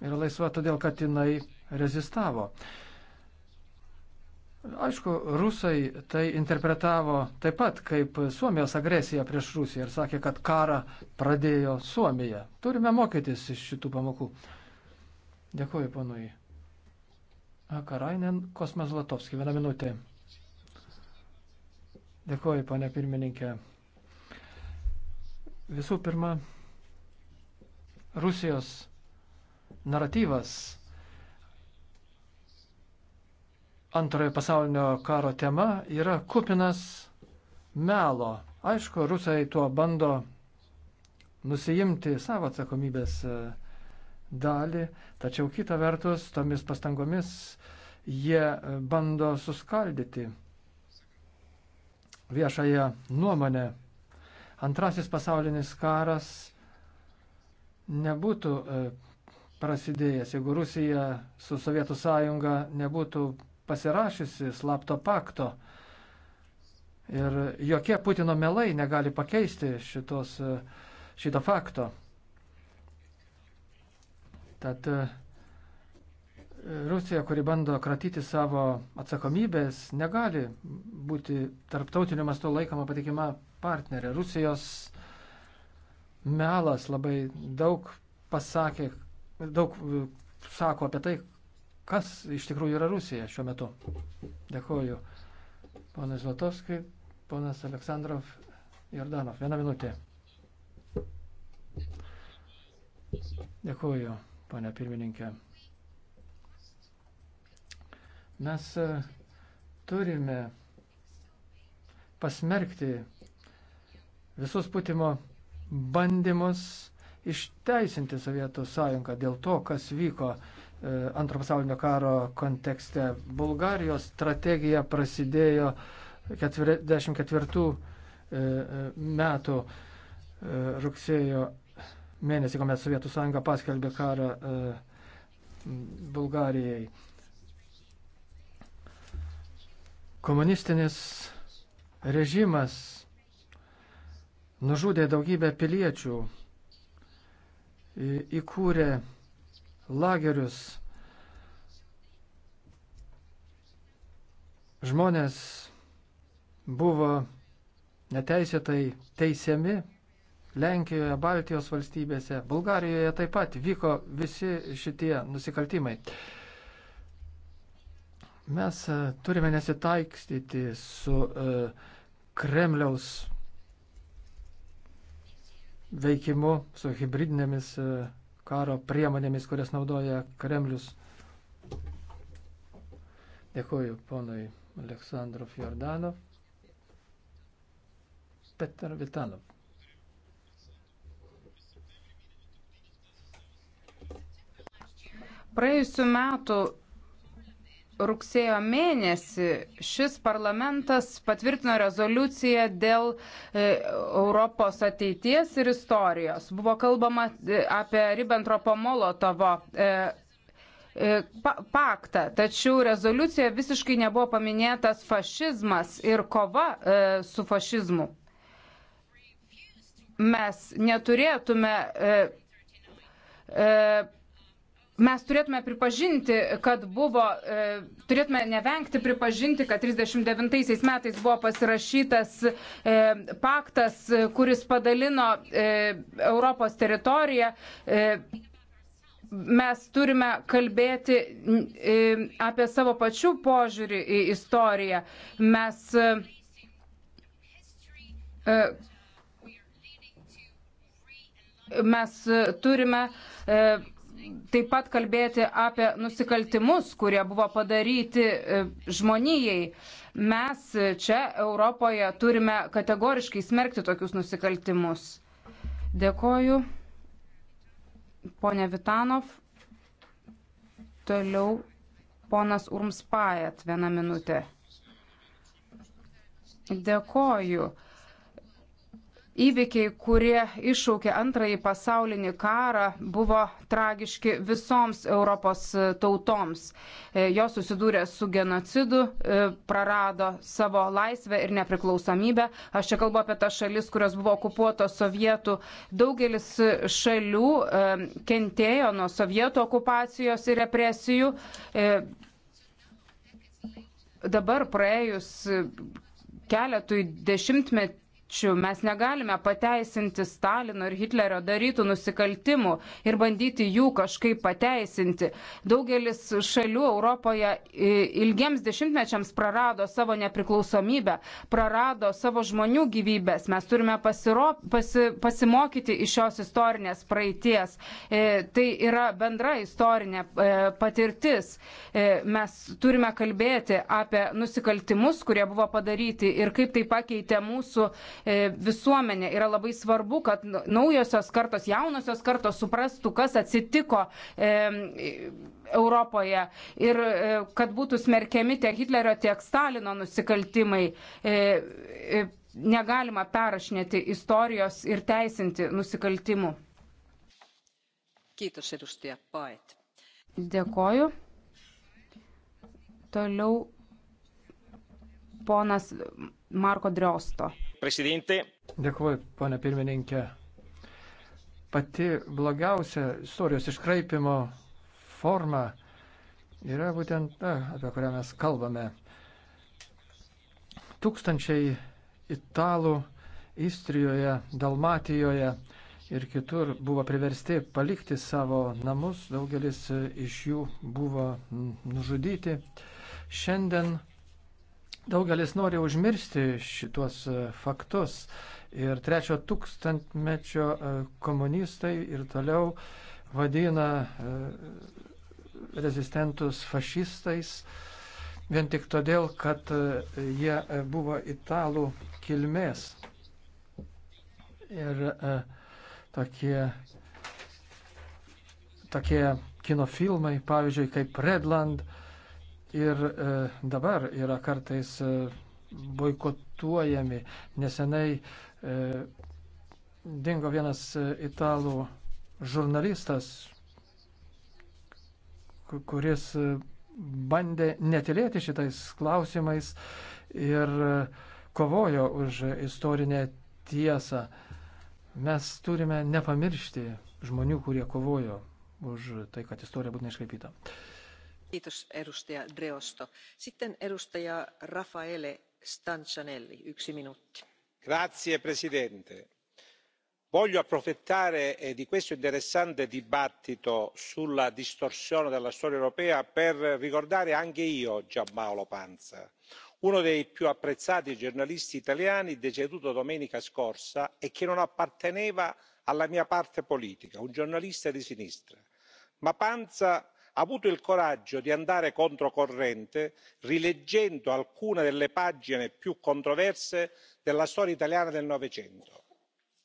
yra laisva todėl, kad jinai rezistavo. Aišku, rusai tai interpretavo taip pat kaip Suomijos agresiją prieš Rusiją ir sakė, kad karą pradėjo Suomija. Turime mokytis iš šitų pamokų. Dėkuoju, ponui. Karainen Kosmas Latovski, vieną minutę. Dėkuoju, ponė pirmininkė. Visų pirma, Rusijos naratyvas antrojo pasaulinio karo tema yra kupinas melo. Aišku, rusai tuo bando nusijimti savo atsakomybės e, dalį, tačiau kita vertus tomis pastangomis jie e, bando suskaldyti viešąją nuomonę. Antrasis pasaulinis karas nebūtų e, prasidėjęs. Jeigu Rusija su Sovietų sąjunga nebūtų pasirašysi slapto pakto ir jokie Putino melai negali pakeisti šitos, šito fakto. Tad Rusija, kuri bando kratyti savo atsakomybės, negali būti tarptautiniu mastu laikoma patikima partnerė. Rusijos melas labai daug pasakė, daug e, sako apie tai, kas iš tikrųjų yra Rusija šiuo metu. Dėkuoju. Ponas Zlatovskai, ponas Aleksandrov Jordanov. Vieną minutę. Dėkuoju, ponia pirmininkė. Mes e, turime pasmerkti visus Putino bandymus išteisinti Sovietų sąjungą dėl to, kas vyko e, antro pasaulinio karo kontekste. Bulgarijos strategija prasidėjo 44 e, e, metų rugsėjo mėnesį, kuomet Sovietų sąjunga paskelbė karą Bulgarijai. Komunistinis režimas nužudė daugybę piliečių, įkūrė lagerius. Žmonės buvo neteisėtai teisiami Lenkijoje, Baltijos valstybėse, Bulgarijoje taip pat vyko visi šitie nusikaltimai. Mes e, turime nesitaikstyti su e, Kremliaus veikimu, su hybridinėmis e, karo priemonėmis, kurias naudoja Kremlius. Dėkuoju ponui Aleksandrov Jordanov. Petar Vitanov. Praėjusiu metu rugsėjo mėnesį šis parlamentas patvirtino rezoliuciją dėl e, Europos ateities ir istorijos. Buvo kalbama e, apie Ribbentropo Molotovo e, paktą, tačiau rezoliucijoje visiškai nebuvo paminėtas fašizmas ir kova su fašizmu. Mes neturėtume mes turėtume pripažinti, kad buvo, e, turėtume nevengti pripažinti, kad 39 metais buvo pasirašytas e, paktas, kuris padalino e, Europos teritoriją mes turime kalbėti apie savo pačių požiūrį į istoriją. Mes mes turime taip pat kalbėti apie nusikaltimus, kurie buvo padaryti e, žmonijai. Mes e, čia Europoje turime kategoriškai smerkti tokius nusikaltimus. Dėkoju. Pone Vitanov. Toliau ponas Urmspajat vieną minutę. Dėkoju. Įvykiai, kurie iššaukė antrąjį pasaulinį karą, buvo tragiški visoms Europos tautoms. E, jos susidūrė su genocidu, e, prarado savo laisvę ir nepriklausomybę. Aš čia kalbu apie tas šalis, kurios buvo okupuotos sovietų. Daugelis šalių e, kentėjo nuo sovietų okupacijos ir represijų. Dabar praėjus keletui dešimtmečių pokyčių. Mes negalime pateisinti Stalino ir Hitlerio darytų nusikaltimų ir bandyti jų kažkaip pateisinti. Daugelis šalių Europoje ilgiems dešimtmečiams prarado savo nepriklausomybę, prarado savo žmonių gyvybės. Mes turime pasiro, pasi, pasimokyti iš šios istorinės praeities. E, tai yra bendra istorinė e, patirtis. E, mes turime kalbėti apie nusikaltimus, kurie buvo padaryti ir kaip tai pakeitė mūsų E, visuomenę. Yra labai svarbu, kad naujosios kartos, jaunosios kartos suprastų, kas atsitiko e, Europoje ir e, kad būtų smerkiami tiek Hitlerio, tiek Stalino nusikaltimai. Negalima perrašinėti istorijos ir teisinti nusikaltimų. Kiitos, edustaja Paet. Dėkoju. Toliau ponas Marko Driosto. Presidente. Dėkuoju, ponė pirmininkė. Pati blogiausia istorijos iškraipimo forma yra būtent ta, apie kurią mes kalbame. Tūkstančiai italų Istrijoje, Dalmatijoje ir kitur buvo priversti palikti savo namus, daugelis iš jų buvo nužudyti. Šiandien Daugelis nori užmiršti šitos e, faktus. Ir trečio tūkstantmečio e, komunistai ir toliau vadina e, rezistentus fašistais vien tik todėl, kad jie buvo italų kilmės. Ir tokie, tokie kinofilmai, pavyzdžiui, kaip Redland, ir e, dabar yra kartais e, boikotuojami. Nesenai e, dingo vienas e, italų žurnalistas, kuris e, bandė netilėti šitais klausimais ir e, kovojo už istorinę tiesą. Mes turime nepamiršti žmonių, kurie kovojo už tai, kad istorija būtų neiškaipyta signora presidente onorevoli colleghi voglio approfittare eh, di questo interessante dibattito sulla distorsione della storia europea per ricordare anche io gianpaolo pansa uno dei più apprezzati giornalisti italiani deceduto domenica scorsa e che non apparteneva alla mia parte politica un giornalista di sinistra. ma pansa ha avuto il coraggio di andare controcorrente rileggendo alcune delle pagine più controverse della storia italiana del novecento.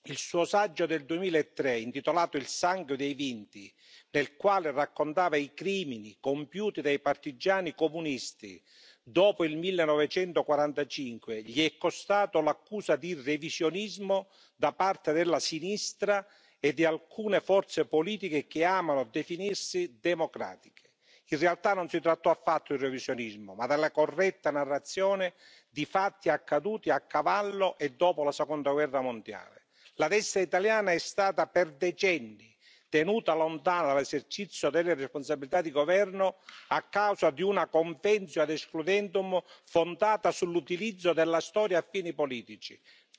il suo saggio del duemilatré e intitolato il sangue dei vinti nel quale raccontava i crimini compiuti dai partigiani comunisti dopo il millenovecentoquarantacinque gli è costato l'accusa di revisionismo da parte della sinistra e di alcune forze politiche che amano definirsi democratiche. in realtà non si trattò affatto di revisionismo ma della corretta narrazione di fatti accaduti a cavallo e dopo la seconda guerra mondiale. la destra italiana è stata per decenni tenuta lontana dall'esercizio delle responsabilità di governo a causa di una conventio ad excludendum fondata sull'utilizzo della storia a fini politici.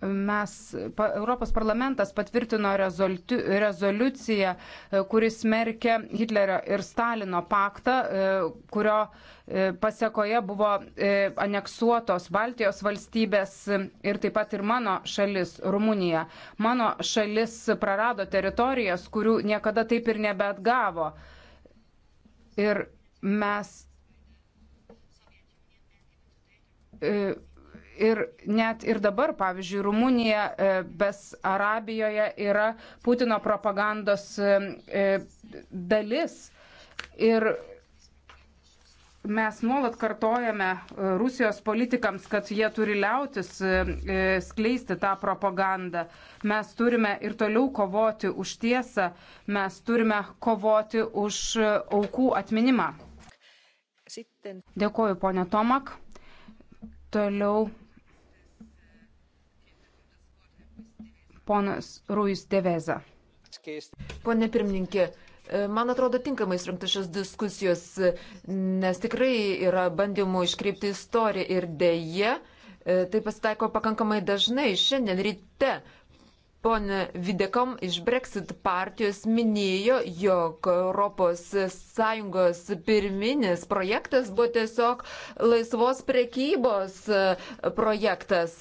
Mes, pa, Europos parlamentas patvirtino rezolti, rezoliuciją, e, kuris smerkė Hitlerio ir Stalino paktą, e, kurio e, pasiekoje buvo aneksuotos Baltijos valstybės ir taip pat ir mano šalis, Rumunija. Mano šalis prarado teritorijas, kurių niekada taip ir nebeatgavo. Ir mes. E, ir net ir dabar, pavyzdžiui, Rumunija, e, bes Arabijoje yra Putino propagandos e, e, dalis. Ir mes nuolat kartojame Rusijos politikams, kad jie turi liautis skleisti tą propagandą. Mes turime ir toliau kovoti už tiesą, mes turime kovoti už aukų atminimą. Dėkuoju, ponė Tomak. Toliau ponas Ruiz Deveza. Pone pirmininkė, e, Man atrodo, tinkamai surinktas šios diskusijos, nes tikrai yra bandymų iškreipti istoriją ir dėje, tai pasitaiko pakankamai dažnai. Šiandien ryte Pone Videkom iš Brexit partijos minėjo, jog ES pirminis projektas buvo tiesiog laisvos prekybos e, projektas.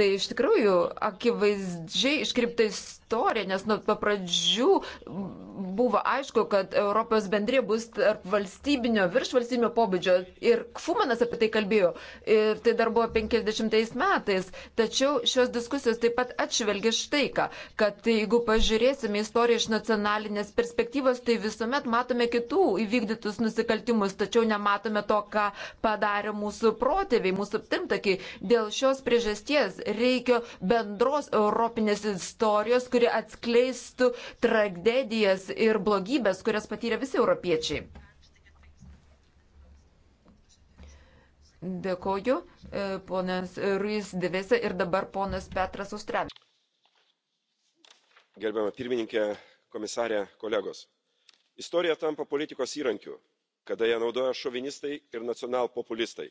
Tai iš tikrųjų akivaizdžiai iškriptais istorija, nes nuo papradžių buvo aišku, kad Europos bendrė bus tarp valstybinio, virš valstybinio pobūdžio. Ir Kfumanas apie tai kalbėjo. Ir tai dar buvo 50 metais. Tačiau šios diskusijos taip pat atšvelgia štai ką, kad tai jeigu pažiūrėsime istoriją iš nacionalinės perspektyvos, tai visuomet matome kitų įvykdytus nusikaltimus, tačiau nematome to, ką padarė mūsų protėviai, mūsų pirmtakiai. Dėl šios priežasties reikia bendros europinės istorijos, kuri atskleistų tragedijas ir blogybės, kurias patyrė visi europiečiai. Dėkoju, e, ponas Ruiz Devėse ir dabar ponas Petras Ustrevičius. Gerbiama pirmininkė, komisarė, kolegos. Istorija tampa politikos įrankiu, kada ją naudoja šovinistai ir nacionalpopulistai,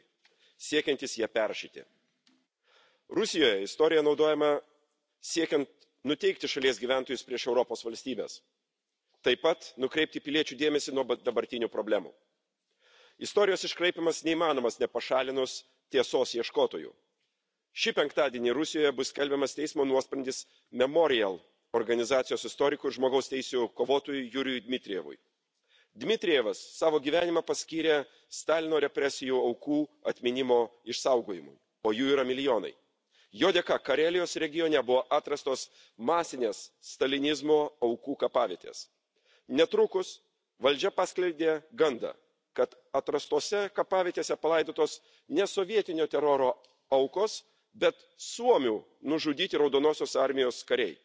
siekiantys ją peršyti. Rusijoje istorija naudojama siekiant nuteikti šalies gyventojus prieš europos valstybes taip pat nukreipti piliečių dėmesį nuo dabartinių problemų. istorijos iškraipymas neįmanomas nepašalinus tiesos ieškotojų. šį penktadienį rusijoje bus skelbiamas teismo nuosprendis memorial organizacijos istorikui ir žmogaus teisių kovotojui jurijui dmitrijevui. dmitrijevas savo gyvenimą paskyrė stalino represijų aukų atminimo išsaugojimui o jų yra milijonai jo dėka karelijos regione buvo atrastos masinės stalinizmo aukų kapavietės. netrukus valdžia paskleidė gandą kad atrastose kapavietėse palaidotos ne sovietinio teroro aukos bet suomių nužudyti raudonosios armijos kariai.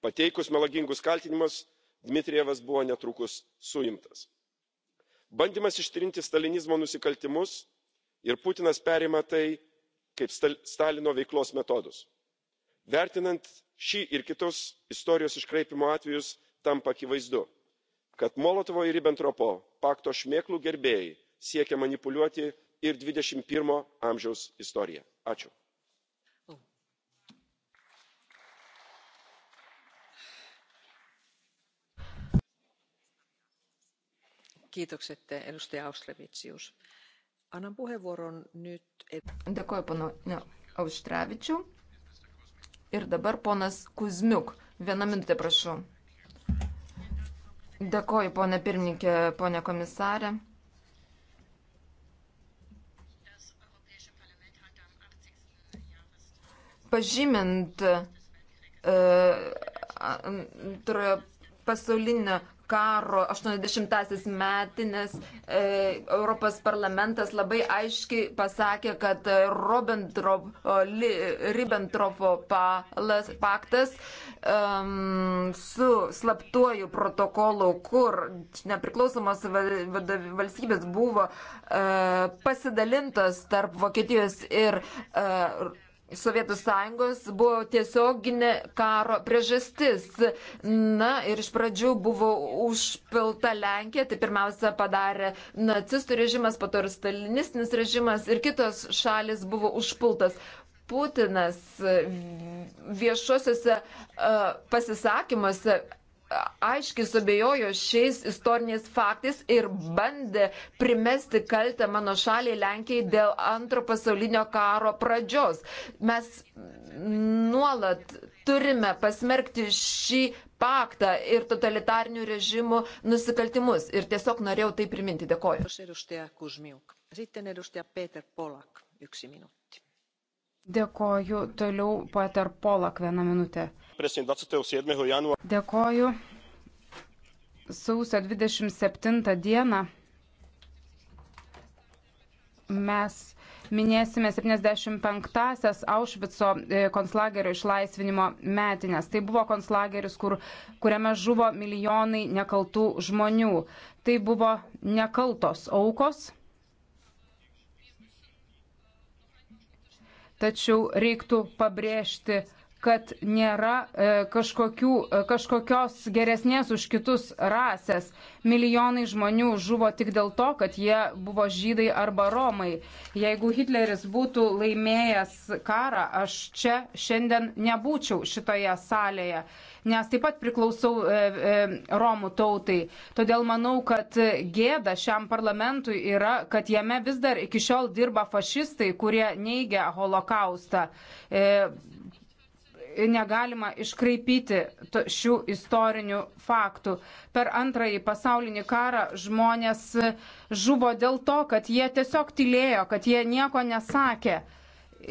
pateikus melagingus kaltinimus dmitrijevas buvo netrukus suimtas. bandymas ištrinti stalinizmo nusikaltimus ir putinas perima tai kaip stalino veiklos metodus. vertinant šį ir kitus istorijos iškraipymo atvejus tampa akivaizdu kad molotovo ir ribentropo pakto šmėklų gerbėjai siekia manipuliuoti ir dvidešimt vieno amžiaus istorija. ačiū. kiitokset edustaja auštrevičius. annan puheenvuoron nyt Dėkuoju, pano ne, Auštrevičiu. Ir dabar ponas Kuzmiuk. Vieną minutę prašau. Dėkuoju, ponė pirmininkė, ponė komisarė. Pažymint e, antrojo pasaulinio karo 80-asis metinės e, Europos parlamentas labai aiškiai pasakė, kad e, Ribbentropo paktas um, su slaptuoju protokolu, kur nepriklausomos valstybės buvo e, pasidalintos tarp Vokietijos ir e, Sovietų sąjungos buvo tiesioginė karo priežastis. Na ir iš pradžių buvo užpilta Lenkija, tai pirmiausia padarė nacistų režimas, po to ir stalinistinis režimas ir kitos šalis buvo užpultas. Putinas viešuosiuose e, pasisakymuose aiškiai subejojo šiais istoriniais faktais ir bandė primesti kaltę mano šaliai Lenkijai dėl antro pasaulinio karo pradžios. Mes nuolat turime pasmerkti šį paktą ir totalitarnių režimų nusikaltimus. Ir tiesiog norėjau tai priminti. Dėkoju. Dėkoju. Toliau Peter Polak vieną minutę presne 27. januára. Dėkoju. Sausio 27 dieną mes minėsime 75-asias Aušvico e, konclagerio išlaisvinimo metinės. Tai buvo konclageris, kur, kuriame žuvo milijonai nekaltų žmonių. Tai buvo nekaltos aukos. Tačiau reiktų pabrėžti kad nėra e, kažkokių, e, kažkokios geresnės už kitus rasės. Milijonai žmonių žuvo tik dėl to, kad jie buvo žydai arba romai. Jeigu Hitleris būtų laimėjęs karą, aš čia šiandien nebūčiau šitoje salėje, nes taip pat priklausau e, e, romų tautai. Todėl manau, kad gėda šiam parlamentui yra, kad jame vis dar iki šiol dirba fašistai, kurie neigia holokaustą. E, negalima iškraipyti šių istorinių faktų. Per antrąjį pasaulinį karą žmonės e, žuvo dėl to, kad jie tiesiog tylėjo, kad jie nieko nesakė.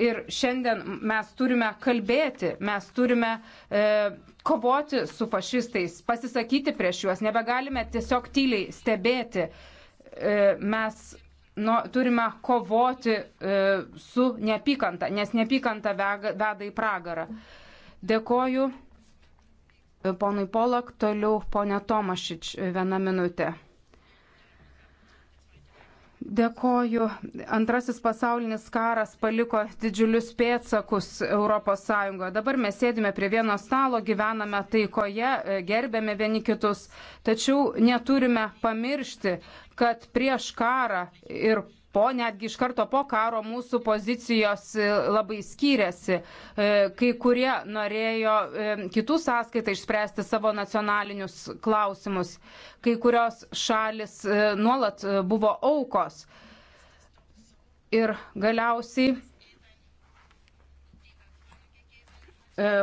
Ir šiandien mes turime kalbėti, mes turime e, kovoti su fašistais, pasisakyti prieš juos, nebegalime tiesiog tyliai stebėti. E, mes nu, turime kovoti e, su neapykanta, nes neapykanta veda į pragarą. Mhm. Dėkoju e, ponui Polak, toliau ponė Tomašič e, vieną minutę. Dėkoju. Antrasis pasaulinis karas paliko didžiulius pėtsakus ES. Dabar mes sėdime prie vieno stalo, gyvename taikoje, e, gerbėme vieni kitus, tačiau neturime pamiršti, kad prieš karą ir po, netgi iš karto po karo mūsų pozicijos e, labai skyrėsi. E, kai kurie norėjo e, kitų sąskaitą išspręsti savo nacionalinius klausimus, kai kurios šalis nuolat buvo aukos. Ir galiausiai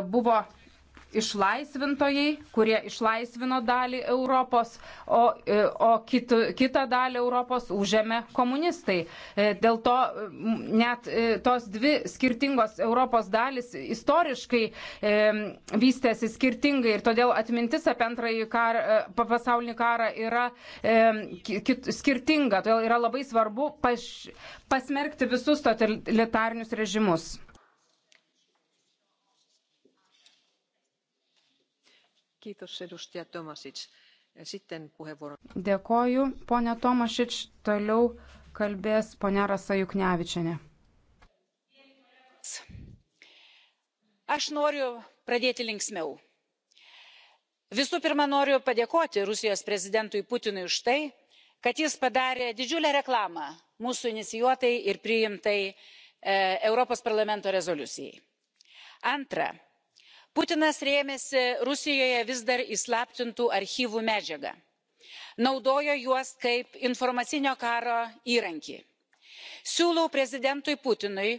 buvo išlaisvintojai, kurie išlaisvino dalį Europos, o, e, o kitu, kitą dalį Europos užėmė komunistai. E, dėl to net e, tos dvi skirtingos Europos dalis istoriškai e, vystėsi skirtingai ir todėl atmintis apie antrąjį kar, pasaulinį karą yra e, kit, skirtinga. Todėl yra labai svarbu paš, pasmerkti visus totalitarinius režimus. Kiitos edustaja Tomasic. Sitten puheenvuoro. Dėkoju, ponė Tomašič. Toliau kalbės ponė Rasa Juknevičianė. Aš noriu pradėti linksmiau. Visų pirma, noriu padėkoti Rusijos prezidentui Putinui už tai, kad jis padarė didžiulę reklamą mūsų inicijuotai ir priimtai e, europos parlamento rezoliucijai. antra putinas rėmėsi rusijoje vis dar įslaptintų archyvų medžiaga naudojo juos kaip informacinio karo įrankį. siūlau prezidentui putinui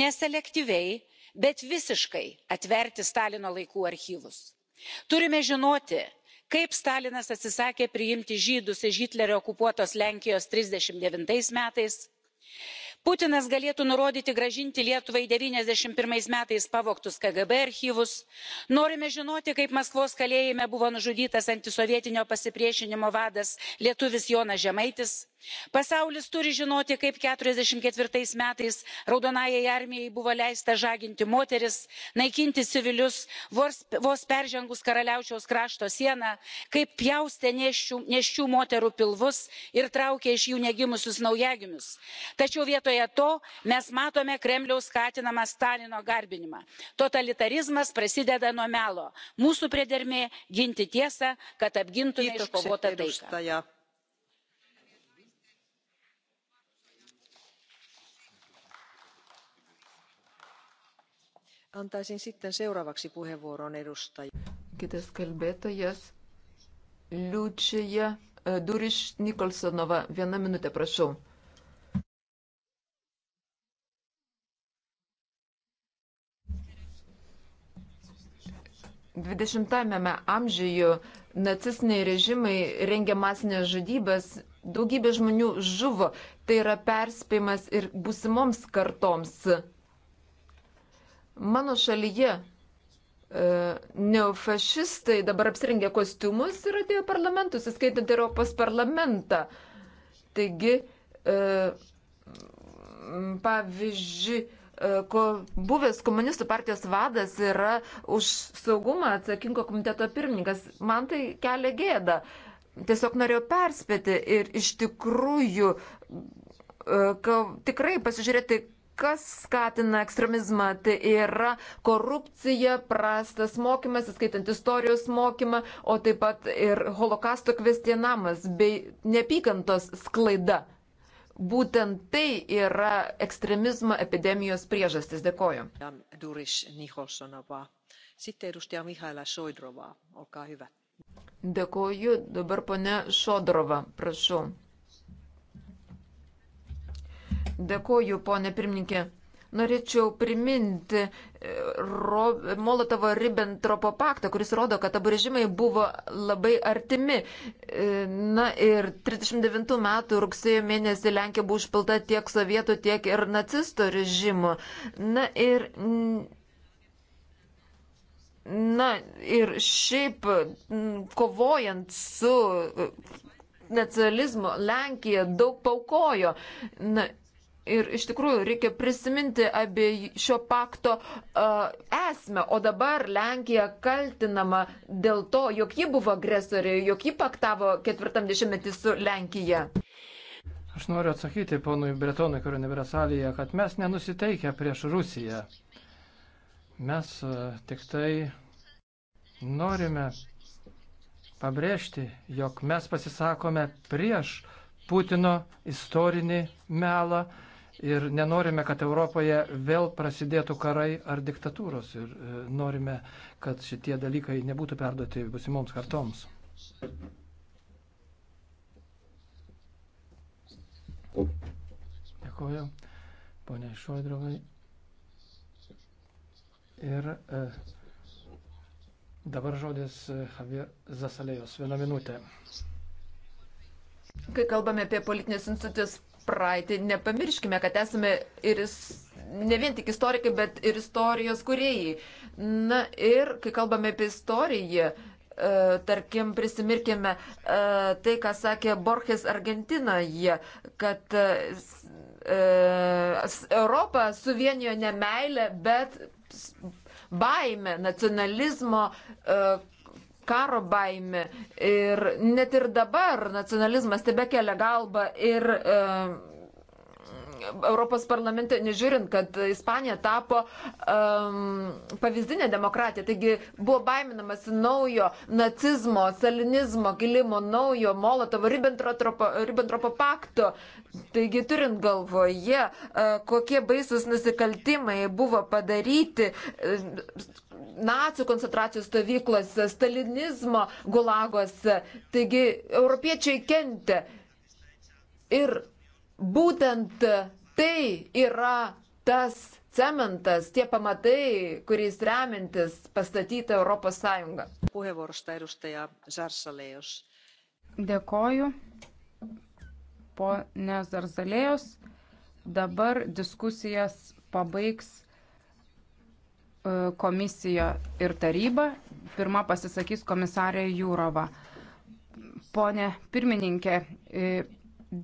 neselektyviai bet visiškai atverti stalino laikų archyvus. turime žinoti kaip stalinas atsisakė priimti žydus iš hitlerio okupuotos lenkijos trisdešimt devyni metais putinas galėtų nurodyti grąžinti lietuvai devyniasdešimt vienas metais pavogtus kgb archyvus norime žinoti kaip maskvos kalėjime buvo nužudytas antisovietinio pasipriešinimo vadas lietuvis jonas žemaitis pasaulis turi žinoti kaip keturiasdešimt keturi metais raudonajai armijai buvo leista žaginti moteris naikinti civilius vos peržengus karaliaučiaus krašto sieną kaip pjaustė nėščių moterų pilvus ir traukė iš jų negimusius naujagimius tačiau vietoj vietoje to mes matome kremliaus skatinamą stalino garbinimą totalitarizmas prasideda nuo melo mūsų priedermė ginti tiesą kad apgintume iškovotą taiką. antaisin sitten seuraavaksi puheenvuoron edustaja. Kitas kalbėtojas Liučija e, Duriš Nikolsonova. Vieną minutę, prašau. 20-ame amžiuje nacistiniai režimai rengė masinės žudybės, daugybė žmonių žuvo. Tai yra perspėjimas ir busimoms kartoms. Mano šalyje e, neofašistai dabar apsirengė kostiumus ir atėjo parlamentus, įskaitant Europos parlamentą. Taigi, e, pavyzdžiui, E, buvęs komunistų partijos vadas yra už saugumą atsakingo komiteto pirmininkas. Man tai kelia gėda. Tiesiog norėjau perspėti ir iš tikrųjų e, ka, tikrai pasižiūrėti, kas skatina ekstremizmą. Tai yra korupcija, prastas mokymas, įskaitant istorijos mokymą, o taip pat ir holokausto kvestionamas bei nepykantos sklaida būtent tai yra ekstremizmo epidemijos priežastis. Dėkoju. Dėkoju. Dabar pone Šodrova, prašau. Dėkoju, ponė pirmininkė. Norėčiau priminti Molotovo-Ribbentropo paktą, kuris rodo, kad abu režimai buvo labai artimi. E, na ir 39 metų rugsėjo mėnesį Lenkija buvo užpilta tiek sovietų, tiek ir nacisto režimo. Na ir. Na ir šiaip kovojant su nacionalizmu Lenkija daug paukojo. Na, Ir iš tikrųjų reikia prisiminti apie šio pakto uh, esmę. O dabar Lenkija kaltinama dėl to, jog ji buvo agresorė, jog ji paktavo ketvirtam dešimtmetį su Lenkija. Aš noriu atsakyti ponui Bretonui, kurio nebėra salėje, kad mes nenusiteikę prieš Rusiją. Mes uh, tik tai norime pabrėžti, jog mes pasisakome prieš Putino istorinį melą ir nenorime, kad Europoje vėl prasidėtų karai ar diktatūros ir e, norime, kad šitie dalykai nebūtų perduoti busimoms kartoms. Dėkuoju, ponia Šoidrovai. Ir e, dabar žodis e, Javier Zasalėjos. Vieną minutę. Kai kalbame apie politinės institucijas, praeitį, nepamirškime, kad esame ir ne vien tik istorikai, bet ir istorijos kuriejai. Na ir kai kalbame apie istoriją, e, tarkim, prisimirkime e, tai, ką sakė Borges Argentinoje, kad e, Europą suvienijo ne meilė, bet baime nacionalizmo karo baime. Ir net ir dabar nacionalizmas tebe kelia galbą ir e, Europos parlamente, nežiūrint, kad Ispanija tapo um, pavyzdinė demokratija, taigi buvo baiminamas naujo nacizmo, salinizmo, gilimo, naujo Molotovo, Ribbentropo, Ribbentropo pakto. Taigi turint galvoje, uh, kokie baisus nusikaltimai buvo padaryti, uh, nacių koncentracijos stovyklose, stalinizmo gulaguose. Taigi europiečiai kentė. Ir būtent tai yra tas cementas, tie pamatai, kuriais remintis pastatyta Europos Sąjunga. Dėkoju. Po Nezarsalėjos dabar diskusijas pabaigs E, komisija ir taryba. Pirma pasisakys komisarė Jūrova. Pone pirmininkė, e,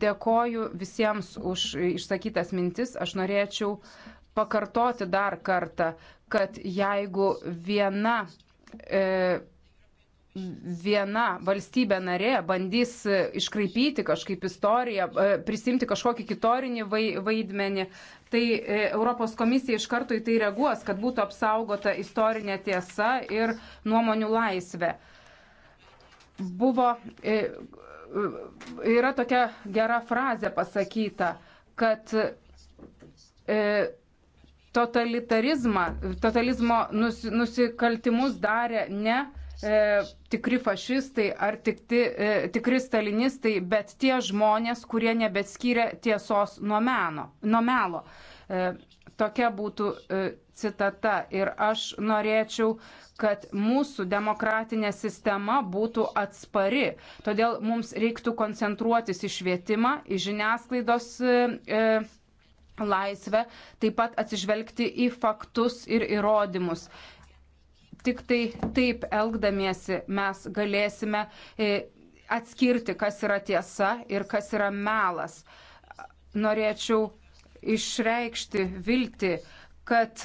dėkoju visiems už išsakytas mintis. Aš norėčiau pakartoti dar kartą, kad jeigu viena, e, viena valstybė narė bandys iškraipyti kažkaip istoriją, prisimti kažkokį kitorinį vaidmenį, tai e, Europos komisija iš karto į tai reaguos, kad būtų apsaugota istorinė tiesa ir nuomonių laisvė. Buvo, e, e, yra tokia gera frazė pasakyta, kad totalitarizmą, totalizmo nus, nusikaltimus darė ne e, tikri fašistai ar tikti, e, tikri stalinistai, bet tie žmonės, kurie nebetskyrė tiesos nuo, meno, nuo melo. E, tokia būtų e, citata. Ir aš norėčiau, kad mūsų demokratinė sistema būtų atspari. Todėl mums reiktų koncentruotis į švietimą, į žiniasklaidos. E, e Laisvę, taip pat atsižvelgti į faktus ir įrodymus. Tik tai taip elgdamiesi mes galėsime e, atskirti, kas yra tiesa ir kas yra melas. Norėčiau išreikšti viltį, kad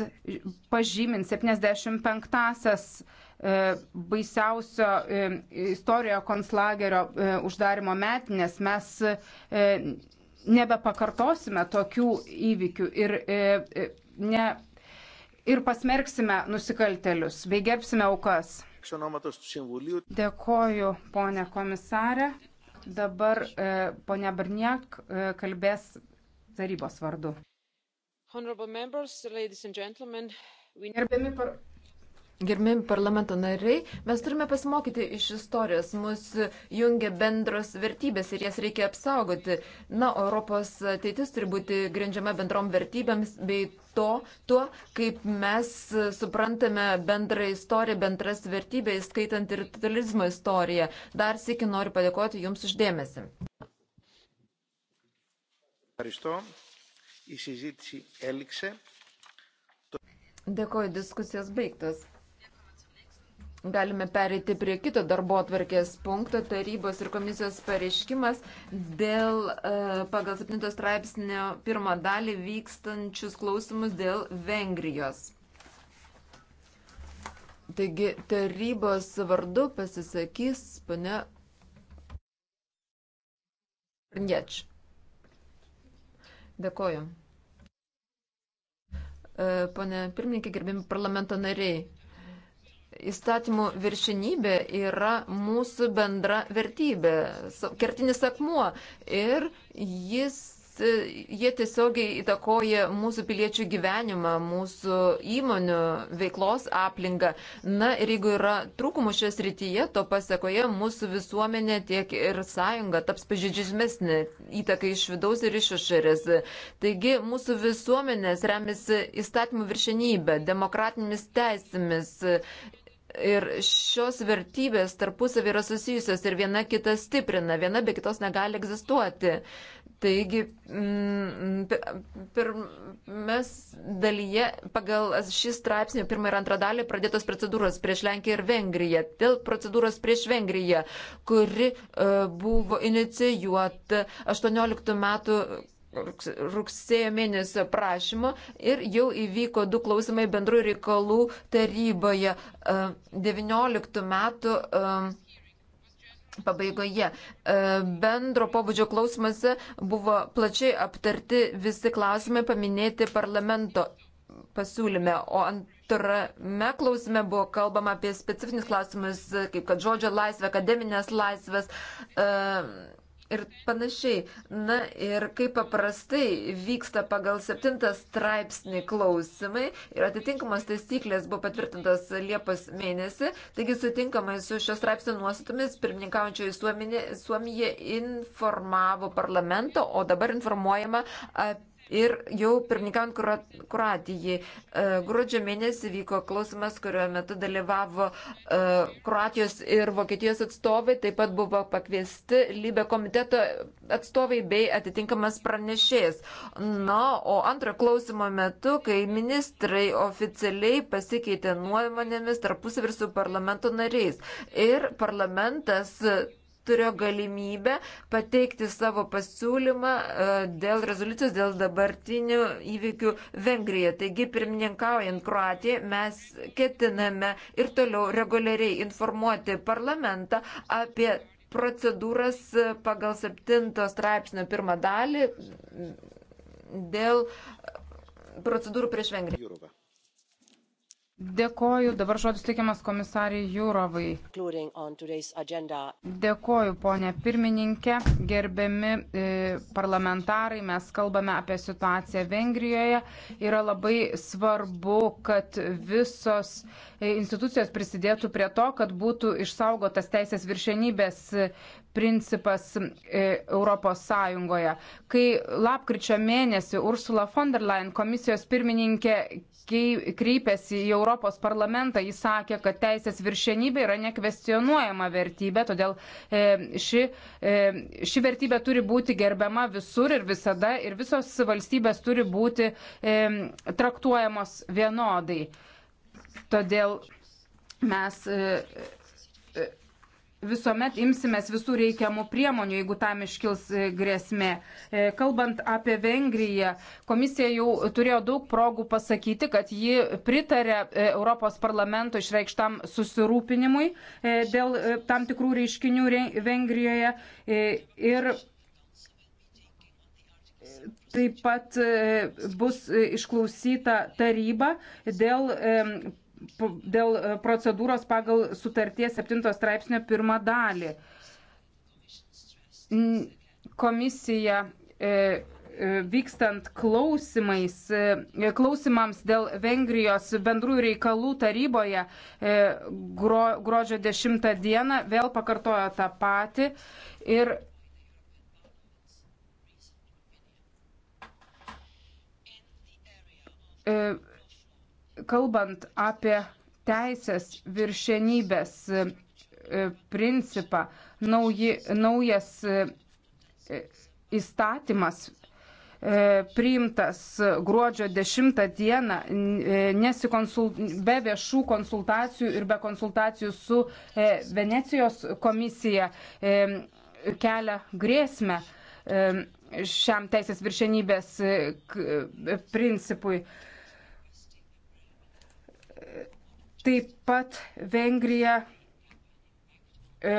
pažymint 75-asias e, baisiausio e, istorijoje konslagerio uždarimo metinės mes nebepakartosime tokių įvykių ir ne ir pasmerksime nusikaltelius bei gerbsime aukas. Dėkoju, ponė komisarė. Dabar e, ponė Barniak e, kalbės tarybos vardu. Gerbiami par... Gerbėjim parlamento nariai, mes turime pasimokyti iš istorijos, mus jungia bendros vertybės ir jas reikia apsaugoti. Na, Europos ateitis turi būti grindžiama bendrom vertybėms bei to, tuo, kaip mes suprantame bendrą istoriją, bendras vertybės, skaitant ir totalizmo istoriją. Dar sėki noriu padėkoti Jums uždėmesi. Aristo, Dėkoju, diskusijos baigtos. Galime pereiti prie kito darbo atvarkės punkto tarybos ir komisijos pareiškimas dėl e, pagal 7 straipsnio pirmą dalį vykstančius klausimus dėl Vengrijos. Taigi tarybos vardu pasisakys pane Rnieč. Dėkoju. E, pane pirmininkė, gerbimi parlamento nariai įstatymų viršinybė yra mūsų bendra vertybė, kertinis akmuo ir jis, jie tiesiogiai įtakoja mūsų piliečių gyvenimą, mūsų įmonių veiklos aplinką. Na ir jeigu yra trūkumų šios rytyje, to pasakoje mūsų visuomenė tiek ir sąjunga taps pažydžiamesnė įtaka iš vidaus ir iš išorės. Taigi mūsų visuomenės remiasi įstatymų viršenybė, demokratinėmis teisėmis Ir šios vertybės tarpusavį yra susijusios ir viena kita stiprina, viena be kitos negali egzistuoti. Taigi, mm, pirmės dalyje pagal šį straipsnį, pirmą ir antrą dalį, pradėtos procedūros prieš Lenkiją ir Vengriją. Dėl procedūros prieš Vengriją, kuri e, buvo inicijuota 18 metų rugsėjo mėnesio prašymo ir jau įvyko du klausimai bendrų reikalų taryboje 19 e, metų e, pabaigoje. E, bendro pobūdžio klausimuose buvo plačiai aptarti visi klausimai paminėti parlamento pasiūlyme, o antrame klausime buvo kalbama apie specifinius klausimus, kaip kad žodžio laisvė, akademinės laisvės. Uh, ir panašiai. Na ir kaip paprastai vyksta pagal septintą straipsnį klausimai ir atitinkamos taisyklės buvo patvirtintas Liepos mėnesį, taigi sutinkamai su šios straipsnio nuostatomis pirmininkaujančioji Suomija informavo parlamento, o dabar informuojama apie ir jau pirmininkant Kroatijai. E, gruodžio mėnesį vyko klausimas, kurio metu dalyvavo e, Kroatijos ir Vokietijos atstovai, taip pat buvo pakviesti Lybė komiteto atstovai bei atitinkamas pranešėjas. Na, o antrojo klausimo metu, kai ministrai oficialiai pasikeitė nuomonėmis tarpusavir su parlamento nariais ir parlamentas turėjo galimybę pateikti savo pasiūlymą e, dėl rezoliucijos dėl dabartinių įvykių Vengrijoje. Taigi, pirmininkaujant Kroatijai, mes ketiname ir toliau reguliariai informuoti parlamentą apie procedūras pagal 7 straipsnio pirmą dalį dėl procedūrų prieš Vengriją. Dėkoju, dabar žodis teikiamas komisariai Jūrovai. Dėkoju, ponė pirmininkė, gerbiami e, parlamentarai, mes kalbame apie situaciją Vengrijoje. Yra labai svarbu, kad visos e, institucijos prisidėtų prie to, kad būtų išsaugotas teisės viršenybės principas e, Europos Sąjungoje. Kai lapkričio mėnesį Ursula von der Leyen komisijos pirmininkė kreipėsi į Europos parlamentą, jis sakė, kad teisės viršenybė yra nekvestionuojama vertybė, todėl e, ši, e, ši vertybė turi būti gerbiama visur ir visada ir visos valstybės turi būti e, traktuojamos vienodai. Todėl mes visuomet imsimės visų reikiamų priemonių, jeigu tam iškils e, grėsmė. E, kalbant apie Vengriją, komisija jau turėjo daug progų pasakyti, kad ji pritarė e, Europos parlamento išreikštam susirūpinimui dėl tam tikrų reiškinių Vengrijoje. Ir Taip pat bus išklausyta taryba dėl dėl e, procedūros pagal sutarties 7 straipsnio pirmą dalį. Komisija e, e, vykstant klausimais, klausimams dėl Vengrijos bendrųjų reikalų taryboje gro, gruodžio 10 dieną vėl pakartojo tą patį ir e, kalbant apie teisės viršenybės e, e, principą, nauji, naujas e, įstatymas priimtas gruodžio 10 dieną be viešų konsultacijų ir be konsultacijų su Venecijos komisija kelia grėsmę šiam teisės viršenybės principui. Taip pat Vengrija e,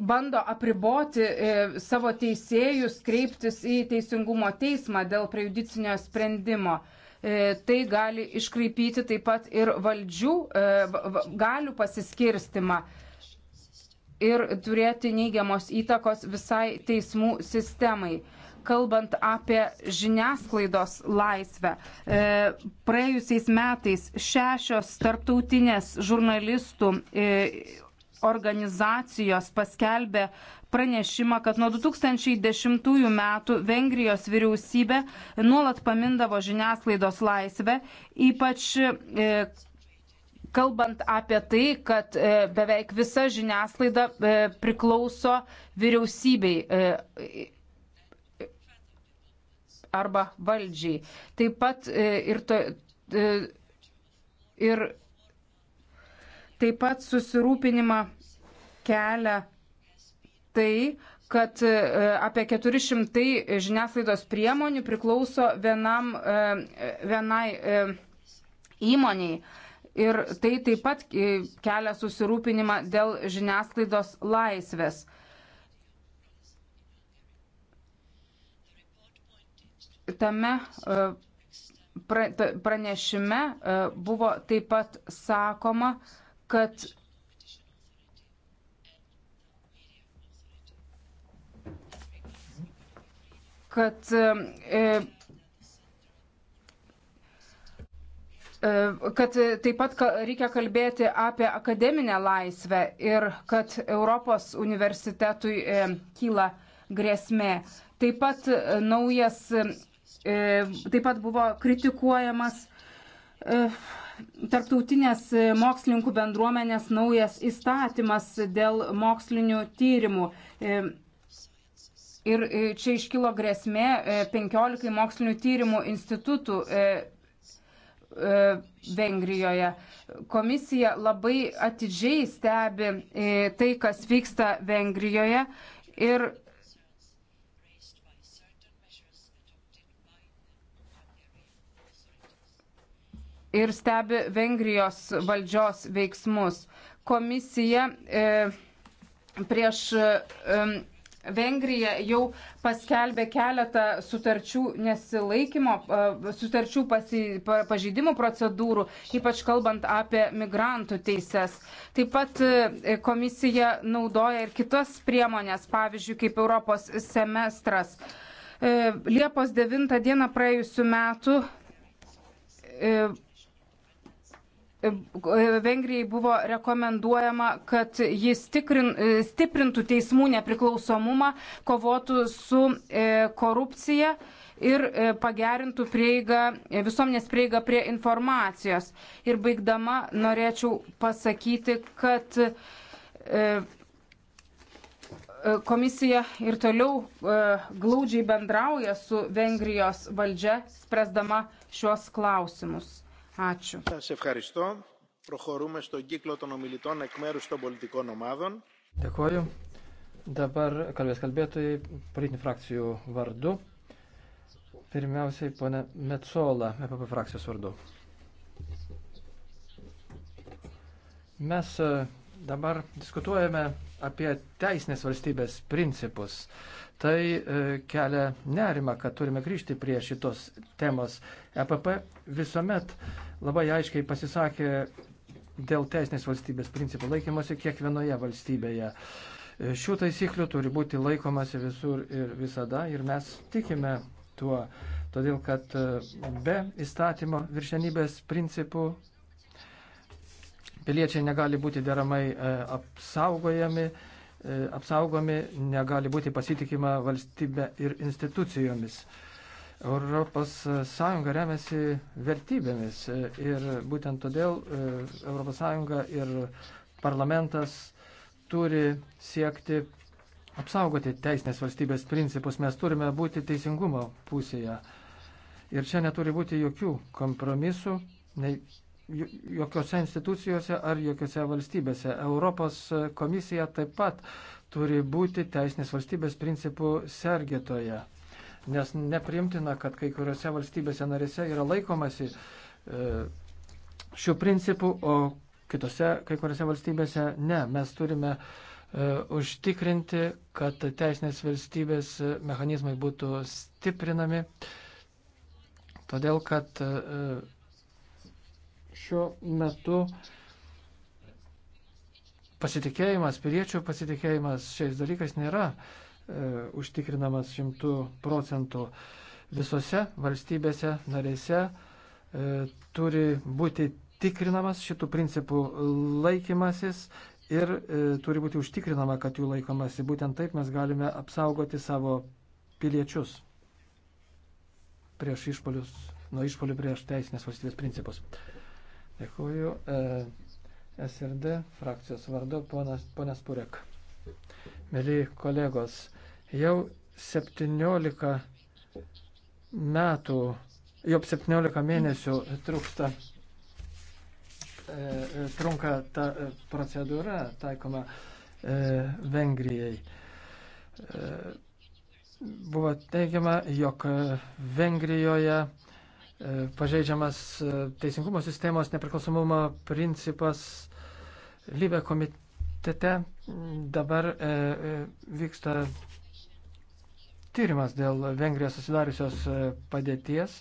bando apriboti e, savo teisėjus kreiptis į Teisingumo teismą dėl prejudicinio sprendimo. E, tai gali iškreipyti taip pat ir valdžių e, galių pasiskirstimą ir turėti neigiamos įtakos visai teismų sistemai kalbant apie žiniasklaidos laisvę. E, praėjusiais metais šešios tarptautinės žurnalistų e, organizacijos paskelbė pranešimą, kad nuo 2010 metų Vengrijos vyriausybė nuolat pamindavo žiniasklaidos laisvę, ypač e, kalbant apie tai, kad e, beveik visa žiniasklaida e, priklauso vyriausybei. E, arba valdžiai. Taip pat e, ir, to, e, ir taip pat susirūpinimą kelia tai, kad e, apie 400 žiniasklaidos priemonių priklauso vienam, vienai įmoniai. Ir tai taip pat kelia susirūpinimą dėl žiniasklaidos laisvės. tame e, pranešime e, buvo taip pat sakoma, kad kad e, e kad taip pat reikia kalbėti apie akademinę laisvę ir kad Europos universitetui kyla grėsmė. Taip pat naujas E, taip pat buvo kritikuojamas e, tarptautinės mokslininkų bendruomenės naujas įstatymas dėl mokslinių tyrimų. E, ir čia iškilo grėsmė 15 mokslinių tyrimų institutų Vengrijoje. Komisija labai atidžiai stebi tai, kas vyksta Vengrijoje ir ir stebi Vengrijos valdžios veiksmus. Komisija e, prieš e, Vengrija jau paskelbė keletą sutarčių nesilaikymo, e, sutarčių pasi, pa, pažeidimų procedūrų, ypač kalbant apie migrantų teises. Taip pat e, komisija naudoja ir kitas priemonės, pavyzdžiui, kaip Europos semestras. E, Liepos 9 dieną praėjusiu metu Vengrijai buvo rekomenduojama, kad jis tikrin, e, stiprintų teismų nepriklausomumą, kovotų su e, korupcija ir e, pagerintų prieigą, visuomenės prieigą prie informacijos. Ir baigdama norėčiau pasakyti, kad komisija ir toliau glaudžiai bendrauja su Vengrijos valdžia, spręsdama šios klausimus. Ačiū. Dėkuoju. Dabar kalbės kalbėtojai politinių frakcijų vardu. Pirmiausiai, ponė Metsola, EPP frakcijos vardu. Mes e, dabar diskutuojame apie teisinės valstybės principus. Tai e, kelia nerima, kad turime grįžti prie šitos temos. EPP visuomet labai aiškiai pasisakė dėl teisinės valstybės principų laikymosi kiekvienoje valstybėje. E, šių taisyklių turi būti laikomasi visur ir visada ir mes tikime tuo, todėl kad e, be įstatymo viršenybės principų piliečiai negali būti deramai apsaugojami E, apsaugomi, negali būti pasitikima valstybė ir institucijomis. Europos Sąjunga remiasi vertybėmis e, ir būtent todėl e, Europos Sąjunga ir parlamentas turi siekti apsaugoti teisinės valstybės principus. Mes turime būti teisingumo pusėje. Ir čia neturi būti jokių kompromisų, nei jokiose institucijose ar jokiose valstybėse. Europos komisija taip pat turi būti teisinės valstybės principų sergėtoje, nes neprimtina, kad kai kuriuose valstybėse narėse yra laikomasi e, šių principų, o kitose, kai kuriuose valstybėse ne. Mes turime e, užtikrinti, kad teisinės valstybės mechanizmai būtų stiprinami, todėl kad e, šiuo metu pasitikėjimas, piliečių pasitikėjimas šiais dalykais nėra e, užtikrinamas šimtų procentų. Visose valstybėse narėse e, turi būti tikrinamas šitų principų laikymasis ir e, turi būti užtikrinama, kad jų laikomasi. Būtent taip mes galime apsaugoti savo piliečius prieš išpolius, nuo išpolių prieš teisinės valstybės principus. Dėkuoju. E, SRD frakcijos vardu ponas, ponas Purek. Mėly kolegos, jau 17 metų, jau 17 mėnesių trūksta, e, trunka ta procedūra taikoma e, Vengrijai. E, buvo teigiama, jog Vengrijoje e, E, pažeidžiamas e, teisingumo sistemos nepriklausomumo principas. Lybė komitete dabar e, e, vyksta tyrimas dėl Vengrijos susidariusios padėties.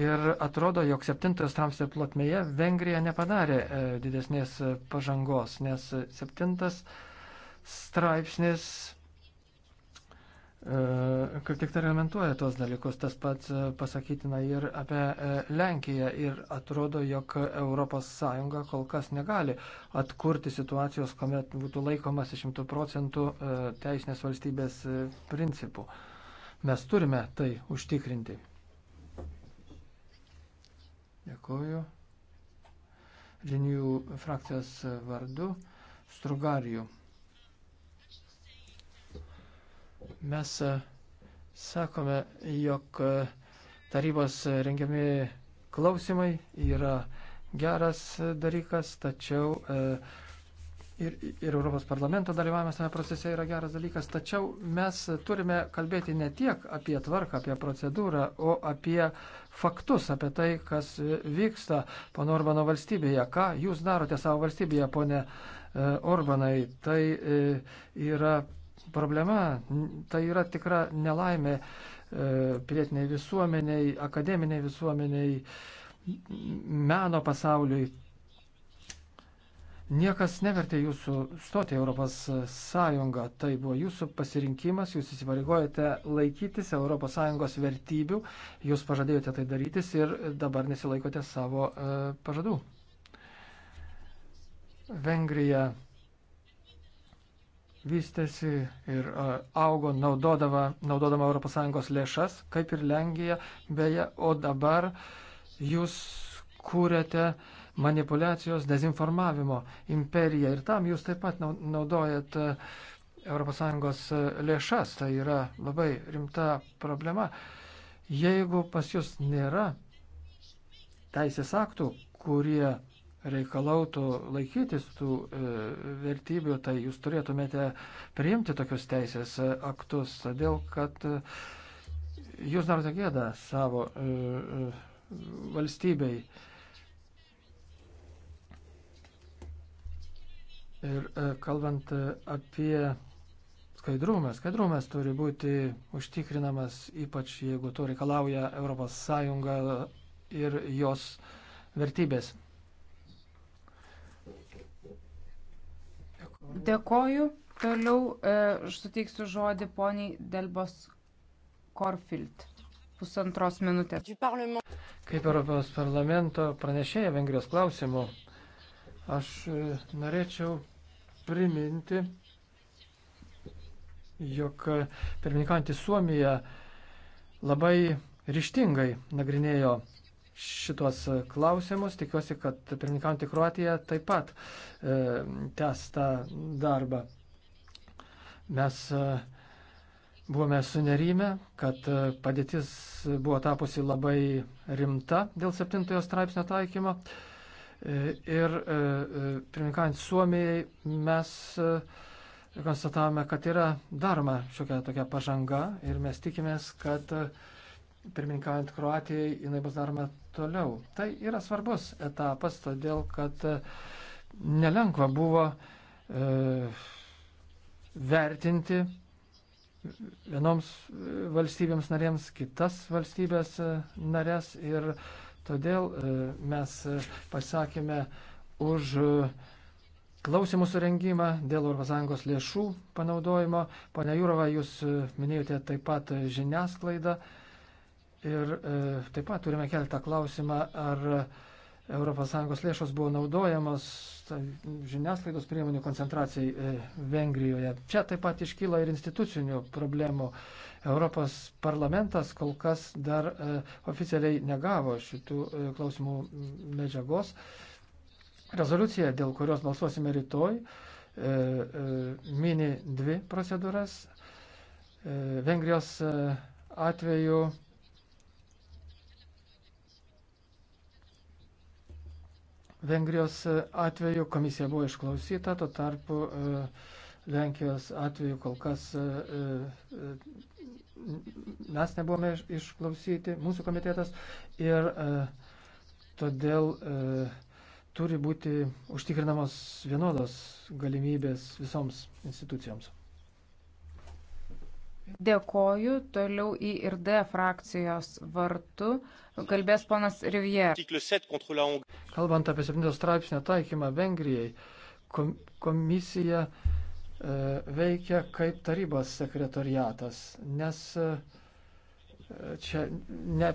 Ir atrodo, jog septintojo straipsnio plotmėje Vengrija nepadarė e, didesnės pažangos, nes septintas straipsnis E, kaip tik tai reglamentuoja tos dalykus. Tas pats e, pasakytina ir apie e, Lenkiją. Ir atrodo, jog ES kol kas negali atkurti situacijos, kuomet būtų laikomas 100 procentų teisinės valstybės principų. Mes turime tai užtikrinti. Dėkuoju. Žinių frakcijos vardu Strugarijų. Mes e, sakome, jog e, tarybos rengiami klausimai yra geras dalykas, tačiau e, ir, ir Europos parlamento dalyvavimas tame procese yra geras dalykas, tačiau mes turime kalbėti ne tiek apie tvarką, apie procedūrą, o apie faktus, apie tai, kas vyksta pono Orbano valstybėje, ką jūs darote savo valstybėje, pone Orbanai. Tai yra problema, tai yra tikra nelaimė e, pilietiniai visuomeniai, akademiniai visuomeniai, meno pasauliui. Niekas nevertė jūsų stoti Europos Sąjungą. Tai buvo jūsų pasirinkimas, jūs įsipareigojate laikytis Europos Sąjungos vertybių, jūs pažadėjote tai darytis ir dabar nesilaikote savo e, pažadų. Vengrija vystėsi ir augo naudodama, naudodama ES lėšas, kaip ir Lenkija, beje, o dabar jūs kūrėte manipulacijos, dezinformavimo imperiją ir tam jūs taip pat naudojat ES lėšas. Tai yra labai rimta problema. Jeigu pas jūs nėra teisės aktų, kurie reikalautų laikytis tų e, vertybių, tai jūs turėtumėte priimti tokius teisės e, aktus, todėl kad e, jūs darote gėdą savo valstybei. Ir kalbant apie skaidrumas, skaidrumas turi būti užtikrinamas, ypač jeigu to reikalauja ES ir jos vertybės. Dėkoju. Toliau e, aš e, suteiksiu žodį poniai Delbos Korfilt. Pusantros minutės. Kaip Europos parlamento pranešėja Vengrijos klausimų, aš e, norėčiau priminti, jog e, pirmininkantį Suomiją labai ryštingai nagrinėjo šitos klausimus. Tikiuosi, kad pirmininkaujantį Kroatiją taip pat e, tęs tą darbą. Mes e, buvome sunerime, kad e, padėtis buvo tapusi labai rimta dėl septintojo straipsnio taikymo. E, ir e, e, pirmininkaujant Suomijai mes e, konstatavome, kad yra daroma šiokia tokia pažanga ir mes tikimės, kad e, pirmininkaujant Kroatijai, jinai bus daroma toliau. Tai yra svarbus etapas, todėl kad e, nelengva buvo e, vertinti vienoms e, valstybėms narėms kitas valstybės e, narės ir todėl mes pasakėme už klausimų surengimą dėl ES lėšų panaudojimo. Pane Jūrova, jūs minėjote taip pat žiniasklaidą. E, Ir e, taip pat turime keltą klausimą, ar ES lėšos buvo naudojamos tai, žiniasklaidos priemonių koncentracijai e, Vengrijoje. Čia taip pat iškyla ir institucinių problemų. Europos parlamentas kol kas dar e, oficialiai negavo šitų e, klausimų medžiagos. Rezoliucija, dėl kurios balsuosime rytoj, e, e, mini dvi procedūras. E, Vengrijos e, atveju Vengrijos atveju komisija buvo išklausyta, tuo tarpu e, Lenkijos atveju kol kas e, e, mes nebuvome išklausyti, mūsų komitetas, ir todėl turi būti užtikrinamos vienodos galimybės visoms institucijoms. Dėkoju. Toliau į ir D frakcijos vartų kalbės ponas Rivier. Kalbant apie 7 straipsnio taikymą Vengrijai, komisija e, veikia kaip tarybos sekretoriatas, nes e, čia ne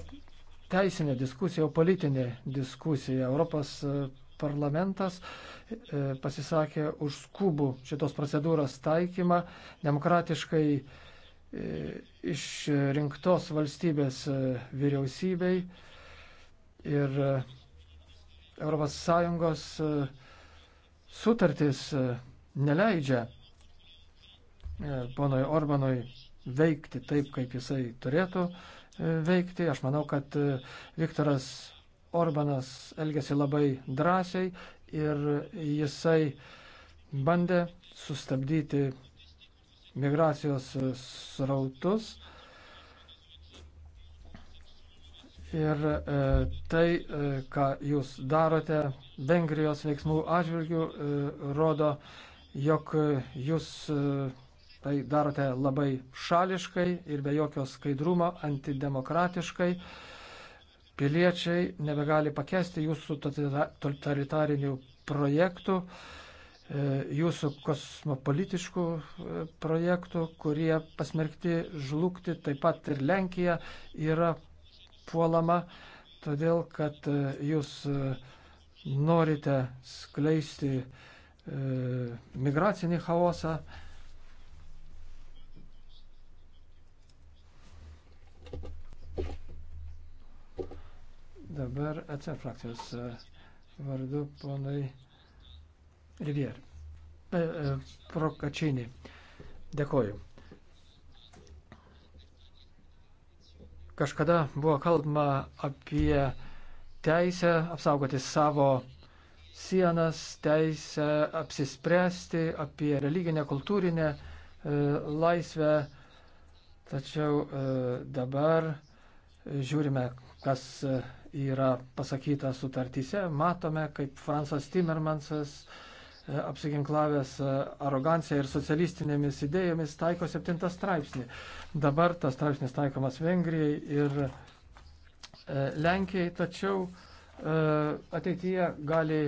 teisinė diskusija, o politinė diskusija. Europos e, parlamentas pasisakė už skubų šitos procedūros taikymą, demokratiškai išrinktos valstybės e, vyriausybei ir ES e, sutartys e, neleidžia ponui Orbanui veikti taip, kaip jisai turėtų veikti. Aš manau, kad Viktoras Orbanas elgėsi labai drąsiai ir jisai bandė sustabdyti migracijos srautus. Ir e, tai, e, ką jūs darote Vengrijos veiksmų atžvilgių, e, rodo, jog jūs e, tai darote labai šališkai ir be jokio skaidrumo, antidemokratiškai. Piliečiai nebegali pakesti jūsų totalitarinių projektų. E, E, jūsų kosmopolitiškų e, projektų, kurie pasmerkti žlugti, taip pat ir Lenkija yra puolama, todėl kad e, jūs norite skleisti migracinį chaosą. Dabar atsifrakcijos vardu ponai. Rivier. E, e, Prokačinį. Dėkoju. Kažkada buvo kalbama apie teisę apsaugoti savo sienas, teisę apsispręsti, apie religinę, kultūrinę e, laisvę. Tačiau e, dabar žiūrime, kas yra pasakyta sutartyse, matome, kaip Fransas Timmermansas e, apsiginklavęs e, aroganciją ir socialistinėmis idėjomis, taiko septintą straipsnį. Dabar tas straipsnis taikomas Vengrijai ir e, Lenkijai, tačiau e, ateityje gali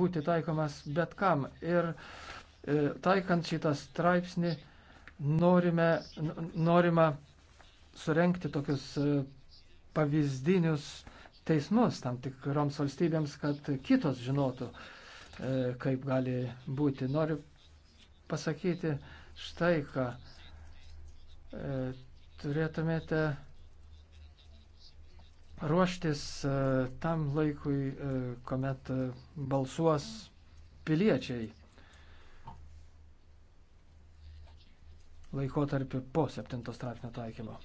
būti taikomas bet kam. Ir taikant šitą straipsnį norime, norima surenkti tokius pavyzdinius teismus tam tikroms valstybėms, kad kitos žinotų, uh, E, kaip gali būti. Noriu pasakyti štai ką. E, turėtumėte ruoštis e, tam laikui, kuomet balsuos piliečiai laikotarpį po 7 straipsnio taikymo.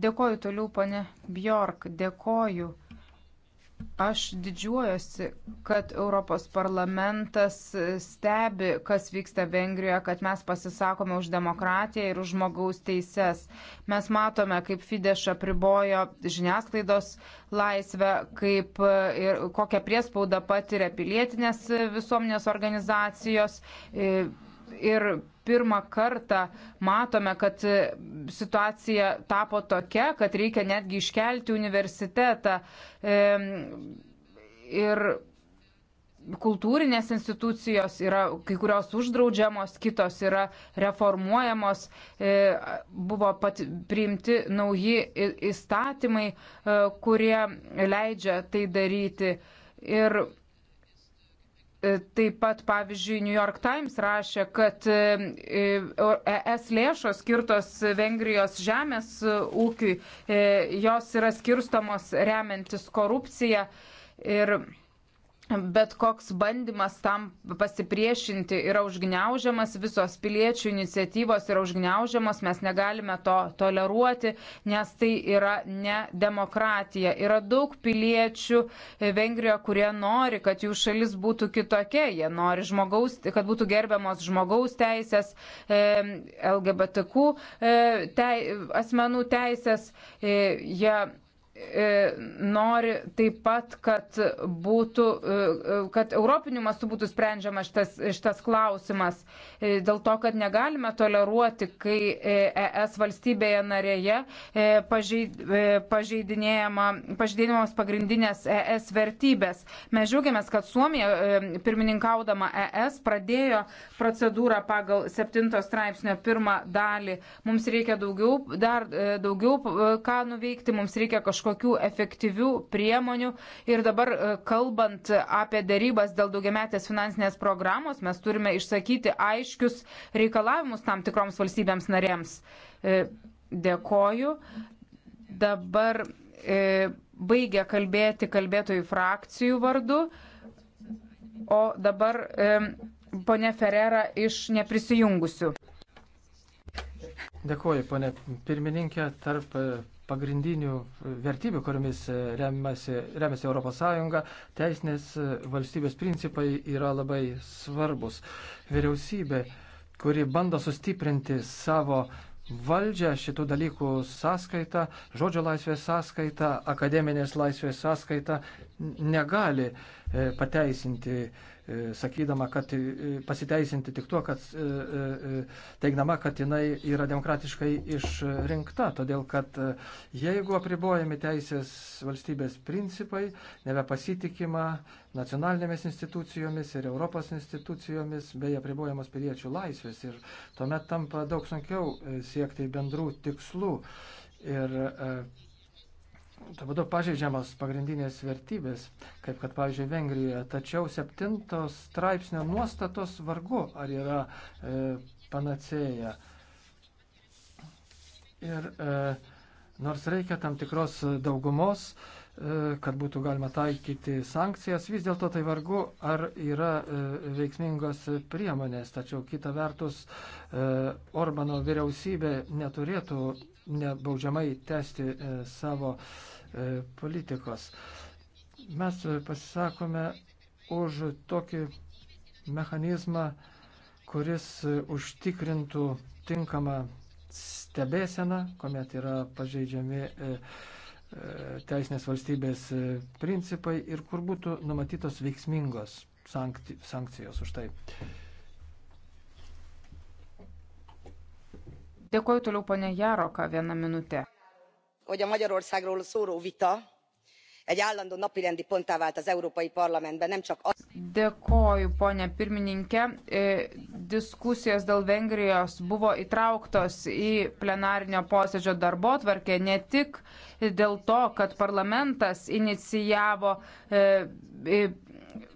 Dėkoju toliau, ponė Bjork, dėkoju. Aš didžiuojuosi, kad Europos parlamentas stebi, kas vyksta Vengrijoje, kad mes pasisakome už demokratiją ir už žmogaus teises. Mes matome, kaip Fidesz apribojo žiniasklaidos laisvę, kaip ir kokią priespaudą patiria pilietinės visuomenės organizacijos ir pirmą kartą matome, kad e, situacija tapo tokia, kad reikia netgi iškelti universitetą. Ir kultūrinės institucijos yra kai kurios uždraudžiamos, kitos yra reformuojamos, e, buvo pat priimti nauji įstatymai, e, kurie leidžia tai daryti. Ir E, taip pat, pavyzdžiui, New York Times rašė, kad ES e, e lėšos skirtos Vengrijos žemės ūkiui, jos yra skirstamos remiantis korupciją. Ir bet koks bandymas tam pasipriešinti yra užgneužiamas, visos piliečių iniciatyvos yra užgneužiamas, mes negalime to toleruoti, nes tai yra ne demokratija. Yra daug piliečių e, Vengrijoje, kurie nori, kad jų šalis būtų kitokia, jie nori, žmogaus, kad būtų gerbiamos žmogaus teisės, e, LGBTQ e, tei, asmenų teisės. Jie E, nori taip pat, kad, būtų, e, e, kad europiniu mastu būtų sprendžiamas šitas, šitas klausimas, dėl to, kad negalime toleruoti, kai ES valstybėje narėje pažeidinėjamos pagrindinės ES vertybės. Mes džiaugiamės, kad Suomija, pirmininkaudama ES, pradėjo procedūrą pagal 7 straipsnio pirmą dalį. Mums reikia daugiau, dar daugiau ką nuveikti, mums reikia kažkokio kažkokių efektyvių priemonių. Ir dabar, e, kalbant apie darybas dėl daugiametės finansinės programos, mes turime išsakyti aiškius reikalavimus tam tikroms valstybėms narėms. E, dėkoju. Dabar e, baigia kalbėti kalbėtojų frakcijų vardu. O dabar ponė Ferrera iš neprisijungusių. Dėkuoju, ponė pirmininkė, tarp pagrindinių vertybių, kuriomis remiasi, remiasi ES, teisinės valstybės principai yra labai svarbus. Vyriausybė, kuri bando sustiprinti savo valdžią šitų dalykų sąskaitą, žodžio laisvės sąskaitą, akademinės laisvės sąskaitą, negali e, pateisinti E, sakydama, kad e, pasiteisinti tik tuo, kad e, teikdama, kad jinai yra demokratiškai išrinkta, todėl kad jeigu apribojami teisės valstybės principai, nebepasitikima nacionalinėmis institucijomis ir Europos institucijomis, bei apribojamos piliečių laisvės ir tuomet tampa daug sunkiau siekti bendrų tikslų. Ir, e, tuo tai būdu pažeidžiamos pagrindinės vertybės, kaip kad, pavyzdžiui, Vengrijoje. Tačiau septintos straipsnio nuostatos vargu ar yra e, panacėja. Ir e, nors reikia tam tikros daugumos, e, kad būtų galima taikyti sankcijas, vis dėlto tai vargu ar yra e, veiksmingos priemonės. Tačiau kita vertus, e, Orbano vyriausybė neturėtų nebaudžiamai tęsti e, savo e, politikos. Mes pasisakome už tokį mechanizmą, kuris užtikrintų tinkamą stebėseną, kuomet yra pažeidžiami e, teisinės valstybės principai ir kur būtų numatytos veiksmingos sankcijos už tai. Dėkuoju toliau ponė Jaroka vieną minutę. Hogy a Magyarországról szóló vita egy állandó napirendi ponttá vált az Európai Parlamentben, nem csak az... Dėkoju, ponė pirmininkė. E, diskusijos dėl Vengrijos buvo įtrauktos į plenarinio posėdžio darbo tvarkę ne tik dėl to, kad parlamentas inicijavo e, e,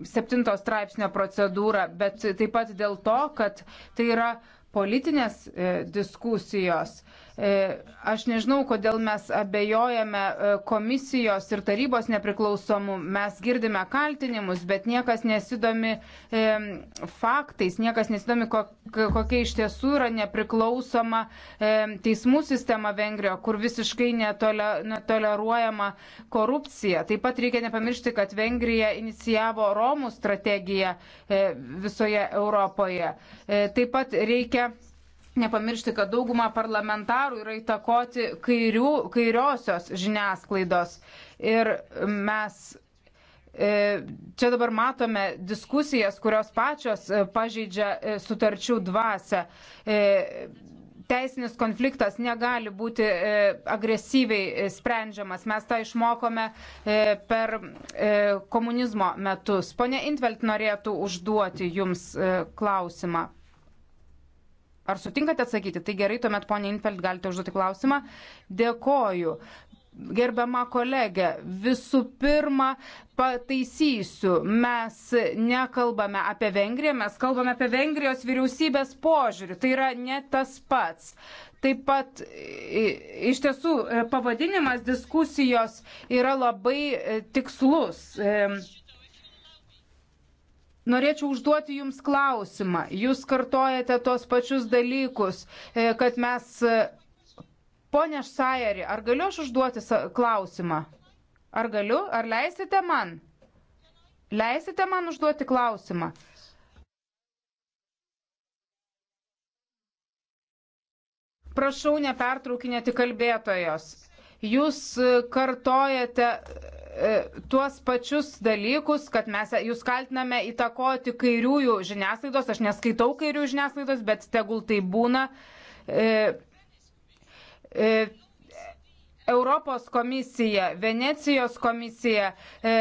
septinto straipsnio procedūrą, bet taip pat dėl to, kad tai yra politinės e, diskusijos E, aš nežinau, kodėl mes abejojame e, komisijos ir tarybos nepriklausomų. Mes girdime kaltinimus, bet niekas nesidomi e, faktais, niekas nesidomi, kokia iš tiesų yra nepriklausoma e, teismų sistema Vengrijoje, kur visiškai netole, netoleruojama korupcija. Taip pat reikia nepamiršti, kad Vengrija inicijavo Romų strategiją e, visoje Europoje. E, taip pat reikia nepamiršti, kad dauguma parlamentarų yra įtakoti kairių, kairiosios žiniasklaidos. Ir mes e, čia dabar matome diskusijas, kurios pačios e, pažeidžia e, sutarčių dvasę. Teisinis konfliktas negali būti agresyviai sprendžiamas. Mes tą išmokome per komunizmo metus. Pone Intvelt norėtų užduoti Jums klausimą. Ar sutinkate atsakyti? Tai gerai, tuomet ponia Infeld galite užduoti klausimą. Dėkoju. Gerbiama kolegė, visų pirma, pataisysiu, mes nekalbame apie Vengriją, mes kalbame apie Vengrijos vyriausybės požiūrį. Tai yra ne tas pats. Taip pat iš tiesų e, pavadinimas diskusijos yra labai e, tikslus. E, Norėčiau užduoti Jums klausimą. Jūs kartojate tos pačius dalykus, e, kad mes. E, Pone Šsajari, ar galiu aš užduoti klausimą? Ar galiu? Ar leisite man? Leisite man užduoti klausimą? Prašau, nepertraukinėti kalbėtojos. Jūs e, kartojate E, tuos pačius dalykus, kad mes jūs kaltiname įtakoti kairiųjų žiniasklaidos. Aš neskaitau kairiųjų žiniasklaidos, bet tegul tai būna. E, e, Europos komisija, Venecijos komisija. E,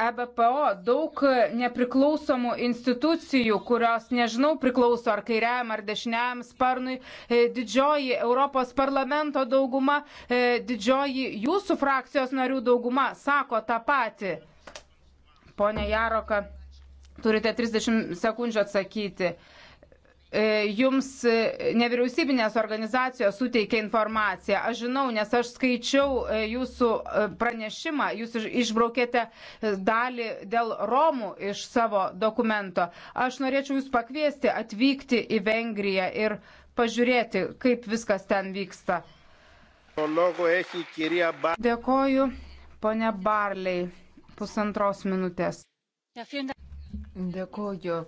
EBPO daug nepriklausomų institucijų, kurios, nežinau, priklauso ar kairiam, ar dešiniam sparnui, e, didžioji Europos parlamento dauguma, e, didžioji jūsų frakcijos narių dauguma sako tą patį. Pone Jaroka, turite 30 sekundžių atsakyti. Uh, E, jums e, nevyriausybinės organizacijos suteikia informaciją. Aš žinau, nes aš skaičiau e, jūsų pranešimą, jūs išbraukėte dalį dėl Romų iš savo dokumento. Aš norėčiau jūs pakviesti atvykti į Vengriją ir pažiūrėti, kaip viskas ten vyksta. Dėkoju, ponia Barley, pusantros minutės. Dėkoju.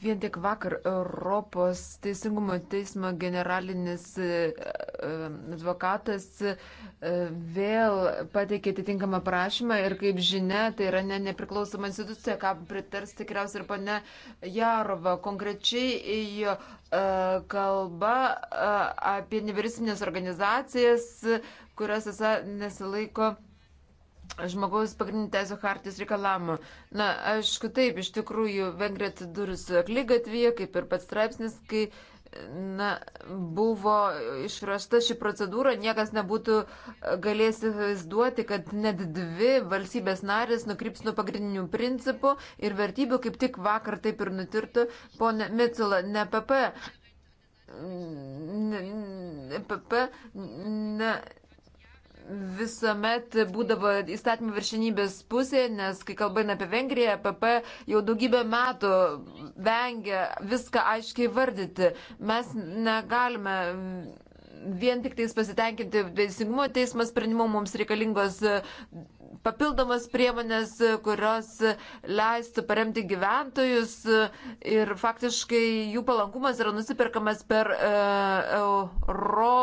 Vien tik vakar Europos Teisingumo teismo generalinis e, e, advokatas e, vėl pateikė atitinkamą prašymą ir kaip žinia, tai yra ne nepriklausoma institucija, ką pritars tikriausiai ir pane Jarova. Konkrečiai jo kalba apie nevyriausybinės organizacijas, kurios esą nesilaiko žmogaus pagrindinių teisų hartijos reikalavimų. Na, aišku, taip, iš tikrųjų, Vengrija atsidūrusi aklygatvėje, kaip ir pats straipsnis, kai na, buvo išrašta ši procedūra, niekas nebūtų e, galėjęs įsivaizduoti, kad net dvi valstybės narės nukryps nuo pagrindinių principų ir vertybių, kaip tik vakar taip ir nutirtų, ponė Micula, ne PP. PP, ne, visuomet būdavo įstatymų viršinybės pusė, nes kai kalbame apie Vengriją, PP jau daugybę metų vengia viską aiškiai vardyti. Mes negalime vien tik tais pasitenkinti teisingumo teismo sprendimu, mums reikalingos papildomas priemonės, kurios leistų paremti gyventojus ir faktiškai jų palankumas yra nusiperkamas per uh, euro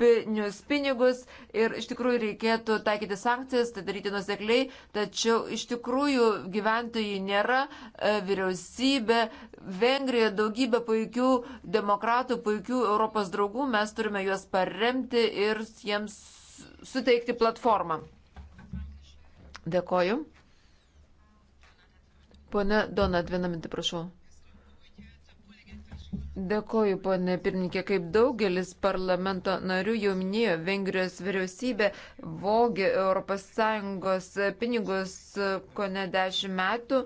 europinius pinigus ir iš tikrųjų reikėtų taikyti sankcijas, tai daryti nusekliai, tačiau iš tikrųjų gyventojai nėra e, vyriausybė, Vengrija daugybė puikių demokratų, puikių Europos draugų, mes turime juos paremti ir jiems suteikti platformą. Dėkoju. Pone Donat, vieną mintį prašau. Dėkoju, ponė pirmininkė, kaip daugelis parlamento narių jau minėjo, Vengrijos vyriausybė vogė ES pinigus ko ne dešimt metų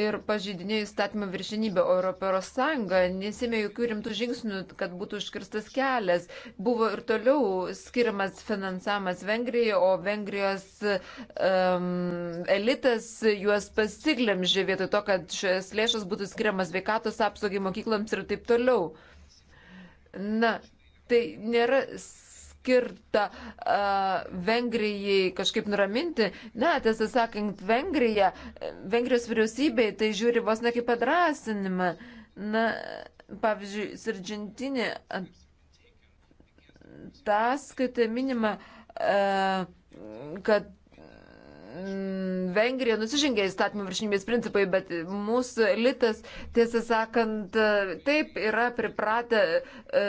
ir pažydinėjo įstatymą viršinybę. Europos Sąjunga nesėmė jokių rimtų žingsnių, kad būtų užkirstas kelias. Buvo ir toliau skiriamas finansavimas Vengrijai, o Vengrijos um, elitas juos pasiglemžė vietoj to, kad šias lėšas būtų skiriamas veikatos apsaugai mokyklams ir taip toliau. Na, tai nėra skirta uh, Vengrijai kažkaip nuraminti. Na, tiesą sakant, Vengrija, Vengrijos vyriausybė tai žiūri vos ne kaip padrasinimą. Na, pavyzdžiui, Sirdžintinė ataskaita minima, uh, kad Mm, Vengrija nusižengė įstatymų viršinybės principai, bet mūsų elitas, tiesą sakant, taip yra pripratę e,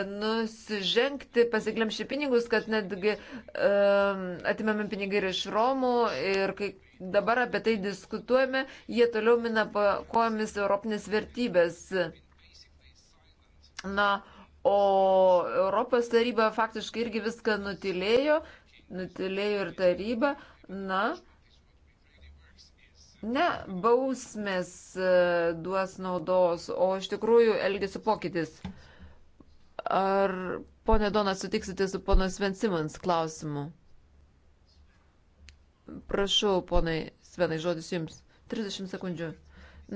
nusižengti, pasiklemšti pinigus, kad netgi um, atimami pinigai ir iš Romų ir kai dabar apie tai diskutuojame, jie toliau mina kojomis europinės vertybės. Na, o Europos taryba faktiškai irgi viską nutilėjo, nutilėjo ir taryba. Na, Ne, bausmės e, duos naudos, o iš tikrųjų elgesi pokytis. Ar ponė Dona sutiksite su pono Svensimans klausimu? Prašau, ponai Svenai, žodis jums. 30 sekundžių.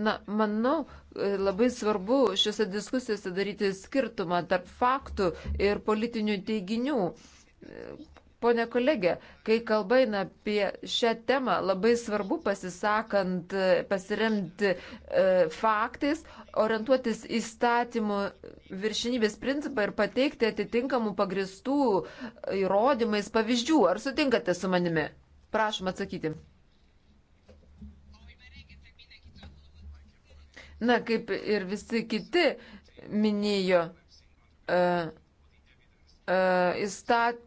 Na, manau, e, labai svarbu šiuose diskusijose daryti skirtumą tarp faktų ir politinių teiginių e, Pone kolegė, kai kalba eina apie šią temą, labai svarbu pasisakant, pasiremti e, faktais, orientuotis įstatymų viršinybės principą ir pateikti atitinkamų pagristų įrodymais pavyzdžių. Ar sutinkate su manimi? Prašom atsakyti. Na, kaip ir visi kiti minėjo, e, e, įstatymų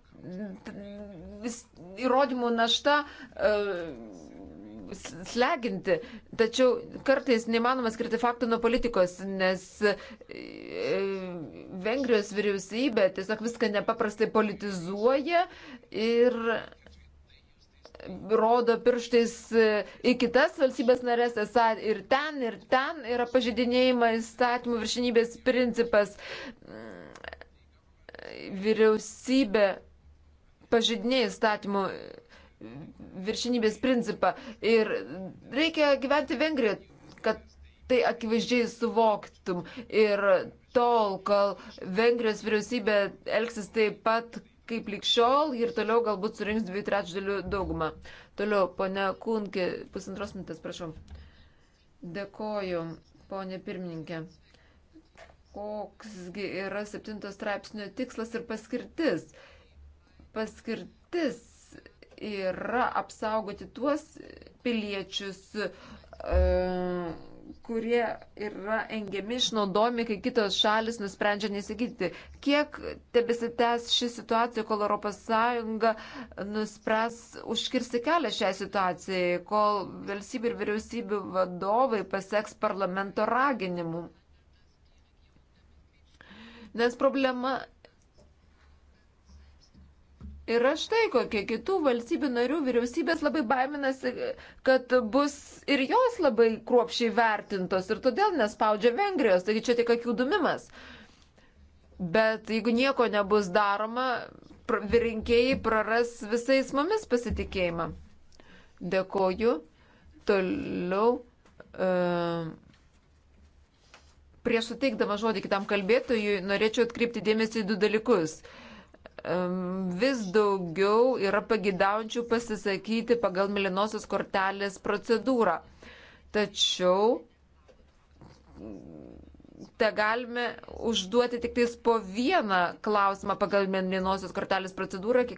vis, įrodymų našta e, sleginti, tačiau kartais neįmanoma skirti faktų nuo politikos, nes e, Vengrijos vyriausybė tiesiog viską nepaprastai politizuoja ir rodo pirštais į kitas valstybės narės, esą ir ten, ir ten yra pažydinėjama įstatymų viršinybės principas. Vyriausybė pažydinėja įstatymų e, viršinybės principą. Ir reikia gyventi Vengrijoje, kad tai akivaizdžiai suvoktum. Ir tol, kol Vengrijos vyriausybė elgsis taip pat kaip likščiol ir toliau galbūt surinks dviejų trečdalių daugumą. Toliau, ponia Kunkė, pusantros minutės, prašau. Dėkoju, ponė pirmininkė. Koksgi yra septintos straipsnio tikslas ir paskirtis? paskirtis yra apsaugoti tuos piliečius, e, kurie yra engiami išnaudomi, kai kitos šalis nusprendžia nesigydyti. Kiek tebesitęs ši situacija, kol ES nuspręs užkirsti kelią šią situaciją, kol valstybių ir vyriausybių vadovai paseks parlamento raginimu. Nes problema yra štai kokie kitų valstybių narių vyriausybės labai baiminasi, kad bus ir jos labai kruopšiai vertintos ir todėl nespaudžia Vengrijos, taigi čia tik akių dumimas. Bet jeigu nieko nebus daroma, rinkėjai praras visais mumis pasitikėjimą. Dėkoju. Toliau. Uh, prieš suteikdama žodį kitam kalbėtojui norėčiau atkreipti dėmesį į du dalykus. Uh, vis daugiau yra pagidaujančių pasisakyti pagal milinosios kortelės procedūrą. Tačiau te galime užduoti tik tais po vieną klausimą pagal milinosios kortelės procedūrą, kiekvieną